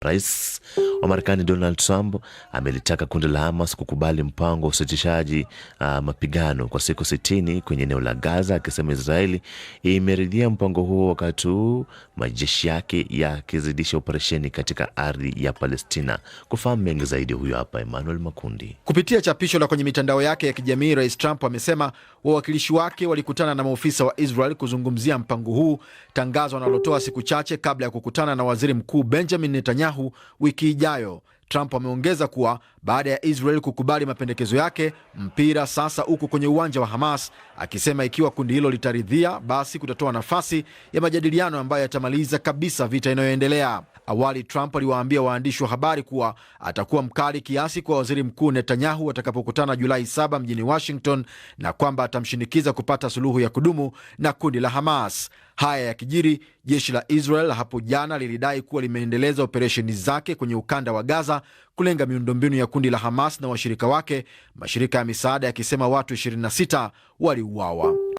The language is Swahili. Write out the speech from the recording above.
para wa Marekani Donald Trump amelitaka kundi la Hamas kukubali mpango wa usitishaji uh, mapigano kwa siku sitini kwenye eneo la Gaza, akisema Israeli imeridhia mpango huo wakati huu majeshi yake yakizidisha operesheni katika ardhi ya Palestina. Kufahamu mengi zaidi, huyo hapa Emmanuel Makundi. Kupitia chapisho la kwenye mitandao yake ya kijamii, Rais Trump amesema wawakilishi wake walikutana na maofisa wa Israel kuzungumzia mpango huu, tangazo analotoa siku chache kabla ya kukutana na waziri mkuu Benjamin Netanyahu wiki ijayo ijayo. Trump ameongeza kuwa baada ya Israel kukubali mapendekezo yake, mpira sasa uko kwenye uwanja wa Hamas, akisema ikiwa kundi hilo litaridhia, basi kutatoa nafasi ya majadiliano ambayo yatamaliza kabisa vita inayoendelea. Awali Trump aliwaambia waandishi wa habari kuwa atakuwa mkali kiasi kwa waziri mkuu Netanyahu atakapokutana Julai 7 mjini Washington na kwamba atamshinikiza kupata suluhu ya kudumu na kundi la Hamas. Haya yakijiri, jeshi la Israel hapo jana lilidai kuwa limeendeleza operesheni zake kwenye ukanda wa Gaza kulenga miundombinu ya kundi la Hamas na washirika wake, mashirika ya misaada yakisema watu 26 waliuawa.